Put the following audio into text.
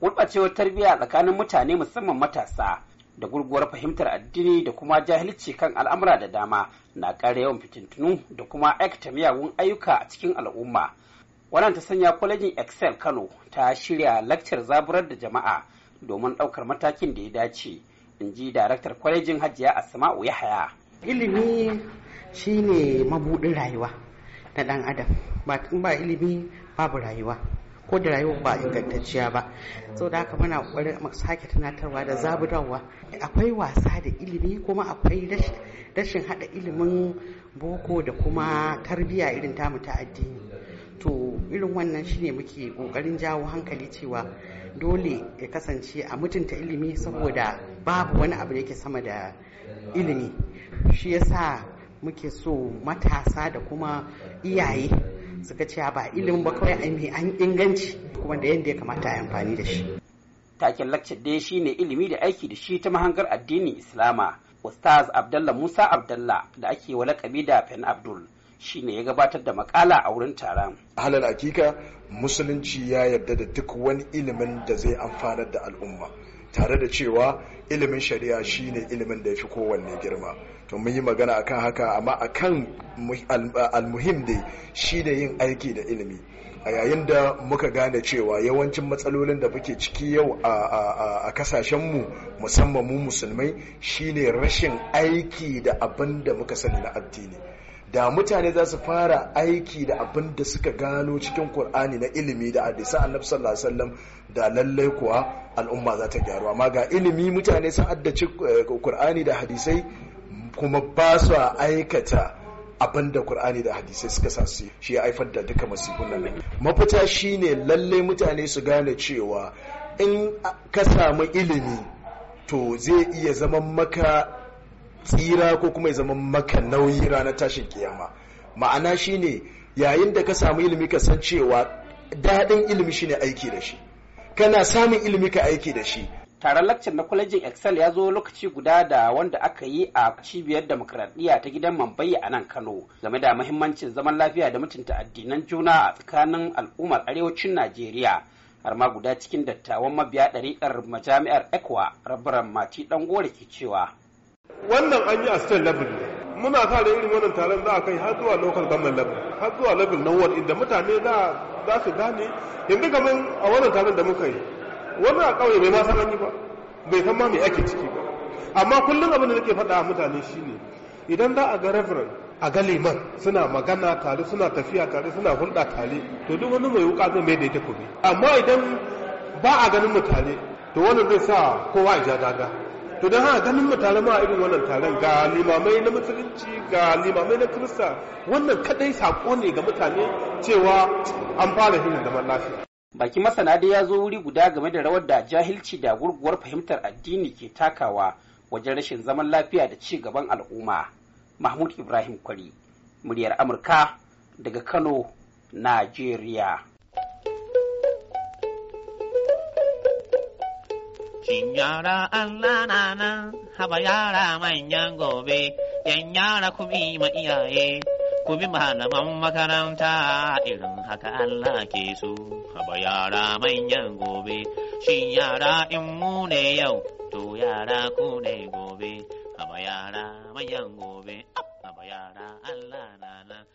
gurɓacewar tarbiyya tsakanin mutane musamman matasa da gurguwar fahimtar addini da kuma jahilci kan al'amura da dama na ƙara yawan fitintunu da kuma aikata miyagun ayyuka a cikin al'umma wannan ta sanya kwalejin excel kano ta shirya lakcar zaburar da jama'a domin ɗaukar matakin da ya dace in ji daraktar kwalejin hajiya asma'u yahaya ilimi shine mabuɗin rayuwa na ɗan adam ba ilimi babu rayuwa ko da rayuwar ba ingantacciya ba so da haka muna mu sake tunatarwa da zaburarwa akwai wasa da ilimi kuma akwai rashin haɗa ilimin boko da kuma tarbiyya irin tamu ta addini to irin wannan shine muke kokarin jawo hankali cewa dole ya kasance a mutunta ilimi saboda babu wani abu da yake sama da ilimi shi yasa muke so matasa da kuma iyaye suka ce ba ilimin ba kawai a mai an inganci kuma da yadda ya kamata a amfani da shi taken lakcin dai shine ilimi da aiki da shi ta mahangar addinin islama ustaz abdallah musa abdallah da ake walakabi da fen abdul shine ya gabatar da makala a wurin taron. halal hakika musulunci ya yarda da duk wani ilimin da zai amfanar da al'umma tare da cewa ilimin shari'a shine ilimin da ya fi kowanne girma to mun yi magana akan haka amma akan almuhim dai shine yin aiki da ilimi a yayin da muka gane cewa yawancin matsalolin da muke ciki yau a kasashenmu musamman mu musulmai shine rashin aiki da abin da muka sani na addini da mutane za su fara aiki da abin da suka gano cikin Kur'ani na ilimi da hadisan Annabi sallallahu alaihi da lallai kuwa al'umma za ta gyaru amma ga ilimi mutane sun addaci Kur'ani eh, da hadisai kuma ba su aikata abin da Kur'ani da hadisai suka sa su shi ya haifar da duka masifun nan mafita shine lallai mutane su gane cewa in ka samu ilimi to zai iya zaman maka tsira ko kuma ya zama maka nauyi ranar tashin kiyama ma'ana shine yayin da ka samu ilimi ka san cewa daɗin ilimi shine aiki da shi kana samun ilimi ka aiki da shi taron lakcin na kwalejin excel ya zo lokaci guda da wanda aka yi a cibiyar demokradiyya ta gidan mambayya a nan kano game da mahimmancin zaman lafiya da mutunta addinan juna a tsakanin al'ummar arewacin najeriya har ma guda cikin dattawan mabiya ɗariƙar majami'ar ekwa rabaran mati ɗan gore ke cewa wannan an yi a state level muna sa da irin wannan taron za a kai har zuwa local government level har zuwa level na ward inda mutane za su gane yanzu kamar a wannan taron da muka yi wani a ƙauye bai ma san ba bai san ma mai ake ciki ba amma kullum abin da nake faɗa a mutane shine idan za a ga reverend a ga liman suna magana tare suna tafiya tare suna hulɗa tare to duk wani mai wuka zai mai daidai kuɗi amma idan ba a ganin mutane, to wannan zai sa kowa ya ja daga to don haka ganin mu tare ma irin wannan taron ga limamai na musulunci ga limamai na kirista wannan kadai saƙo ne ga mutane cewa an fara hinin zaman lafiya baki masana dai ya zo wuri guda game da rawar da jahilci da gurguwar fahimtar addini ke takawa wajen rashin zaman lafiya da ci gaban al'umma mahmud ibrahim kwari muryar amurka daga kano najeriya Shin yara Allah na nan, haba yara manyan gobe, yan yara ku ma iyaye, ku bi malaman makaranta irin haka Allah ke so. Haba yara manyan gobe, shin yara ne yau, to yara ku ne gobe, Habayara yara habayara Allah na